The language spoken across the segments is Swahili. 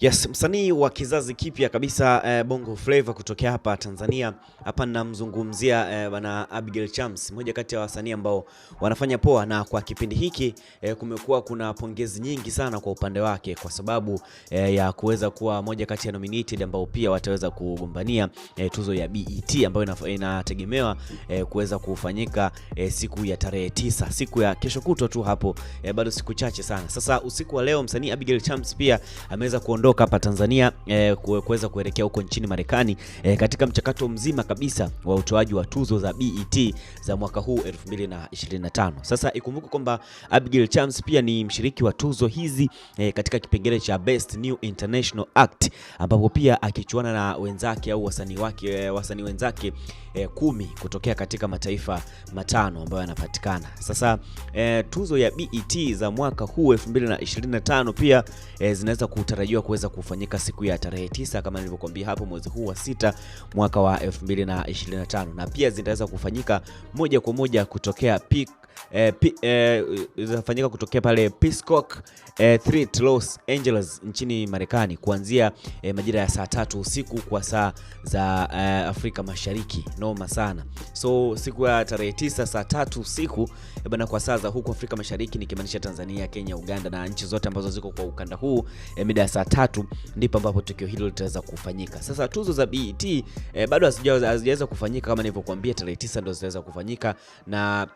Yes, msanii wa kizazi kipya kabisa eh, Bongo Flava kutokea hapa Tanzania. Hapa namzungumzia eh, bana Abigail Chams, mmoja kati ya wasanii ambao wanafanya poa, na kwa kipindi hiki eh, kumekuwa kuna pongezi nyingi sana kwa upande wake kwa sababu eh, ya kuweza kuwa moja kati ya nominated ambao pia wataweza kugombania eh, tuzo ya BET ambayo inategemewa eh, kuweza kufanyika eh, siku ya tarehe tisa, siku ya kesho kutwa tu hapo eh, bado siku chache sana. Sasa usiku wa leo msanii Abigail Chams pia ameweza kuondoka kuondoka hapa Tanzania e, kuweza kuelekea huko nchini Marekani e, katika mchakato mzima kabisa wa utoaji wa tuzo za BET za mwaka huu 2025. Sasa ikumbuke kwamba Abigail Chams pia ni mshiriki wa tuzo hizi e, katika kipengele cha Best New International Act ambapo pia akichuana na wenzake au wasanii wake wasanii wenzake e, kumi kutokea katika mataifa matano ambayo yanapatikana. Sasa e, tuzo ya BET za mwaka huu 2025 pia e, zinaweza kutarajiwa kuweza kufanyika siku ya tarehe tisa kama nilivyokuambia hapo, mwezi huu wa sita mwaka wa 2025 na pia zitaweza kufanyika moja kwa moja kutokea peak eh, eh, kutokea pale Piscok eh, Los Angeles nchini Marekani kuanzia eh, majira ya saa tatu usiku kwa saa za eh, Afrika Mashariki. Noma sana. So siku ya tarehe tisa saa tatu usiku eh, bana kwa saa za huku Afrika Mashariki nikimaanisha Tanzania, Kenya, Uganda na nchi zote ambazo ziko kwa ukanda huu eh, mida ya saa tatu ndipo ambapo tukio hilo litaweza kufanyika. Sasa tuzo za BET eh, bado hazijaweza kufanyika kama nilivyokuambia, tarehe tisa ndio zitaweza kufanyika na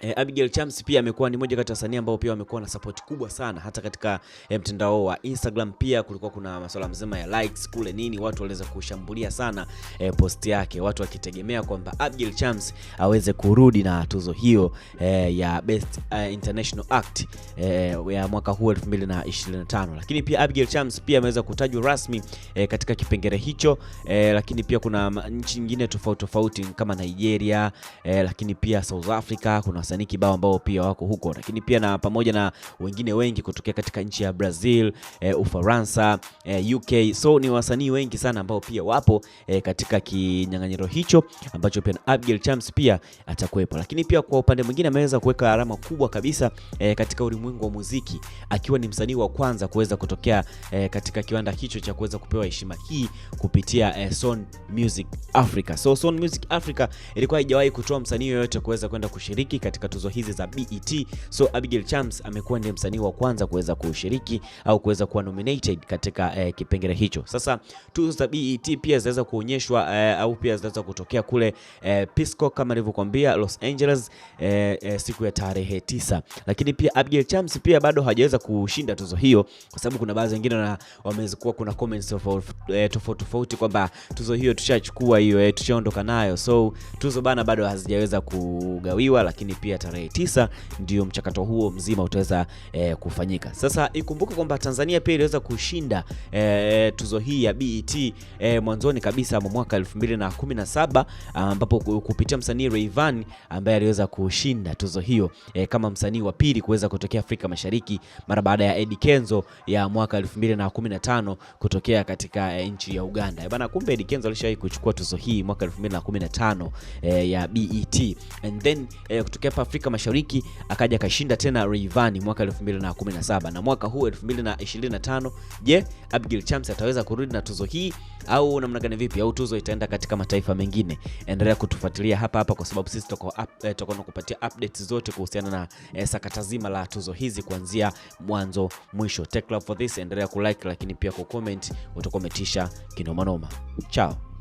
E, Abigail Chams pia amekuwa ni moja kati ya wasanii ambao pia wamekuwa na support kubwa sana hata katika e, mtandao wa Instagram pia kulikuwa kuna masuala mzima ya likes kule nini, watu waliweza kushambulia sana e, post yake, watu wakitegemea kwamba Abigail Chams aweze kurudi na tuzo hiyo e, ya Best International Act e, ya mwaka huu 2025. Lakini pia Abigail Chams pia ameweza kutajwa rasmi e, katika kipengele hicho e, lakini pia kuna nchi nyingine tofauti tofauti kama Nigeria e, lakini pia South Africa kuna wasanii kibao ambao pia wako huko, lakini pia na pamoja na wengine wengi kutokea katika nchi ya Brazil, e, Ufaransa, e, eh, UK. So ni wasanii wengi sana ambao pia wapo e, katika kinyang'anyiro hicho ambacho pia na Abigail Chams pia atakuwepo, lakini pia kwa upande mwingine ameweza kuweka alama kubwa kabisa e, katika ulimwengu wa muziki akiwa ni msanii wa kwanza kuweza kutokea e, katika kiwanda hicho cha kuweza kupewa heshima hii kupitia e, Sound Music Africa. So Sound Music Africa ilikuwa haijawahi kutoa msanii yoyote kuweza kwenda kushiriki katika katika tuzo hizi za BET. So Abigail Chams amekuwa ndiye msanii wa kwanza kuweza kushiriki au kuweza kuwa nominated katika eh, kipengele hicho. Sasa tuzo za BET pia zinaweza kuonyeshwa eh, au pia zinaweza kutokea kule eh, Pisco kama nilivyokuambia Los Angeles eh, eh, siku ya tarehe tisa, lakini pia Abigail Chams pia bado hajaweza kushinda tuzo hiyo kwa sababu kuna baadhi wengine na wamezikuwa kuna comments tofauti eh, tofauti kwamba tuzo hiyo tushachukua hiyo eh, tushaondoka nayo. So tuzo bana bado hazijaweza kugawiwa lakini pia tarehe tisa ndio mchakato huo mzima utaweza e, kufanyika. Sasa ikumbuke kwamba Tanzania pia iliweza kushinda e, tuzo hii ya BET e, eh, mwanzoni kabisa mwa mwaka 2017 ambapo kupitia msanii Rayvanny ambaye aliweza kushinda tuzo hiyo e, kama msanii wa pili kuweza kutokea Afrika Mashariki mara baada ya Eddy Kenzo ya mwaka 2015 kutokea katika e, nchi ya Uganda. E, bana kumbe Eddy Kenzo alishawahi kuchukua tuzo hii mwaka 2015 e, ya BET and then e, kutokea CAF Afrika Mashariki akaja akashinda tena Rayvanny mwaka 2017 na mwaka huu 2025. Je, Abigail Chams ataweza kurudi na tuzo hii au namna gani? Vipi au tuzo itaenda katika mataifa mengine? Endelea kutufuatilia hapa hapa, kwa sababu sisi tutakuwa eh, nakupatia updates zote kuhusiana na eh, sakata zima la tuzo hizi kuanzia mwanzo mwisho. Take love for this, endelea kulike, lakini pia kucomment, utakuwa umetisha kinomanoma. Chao.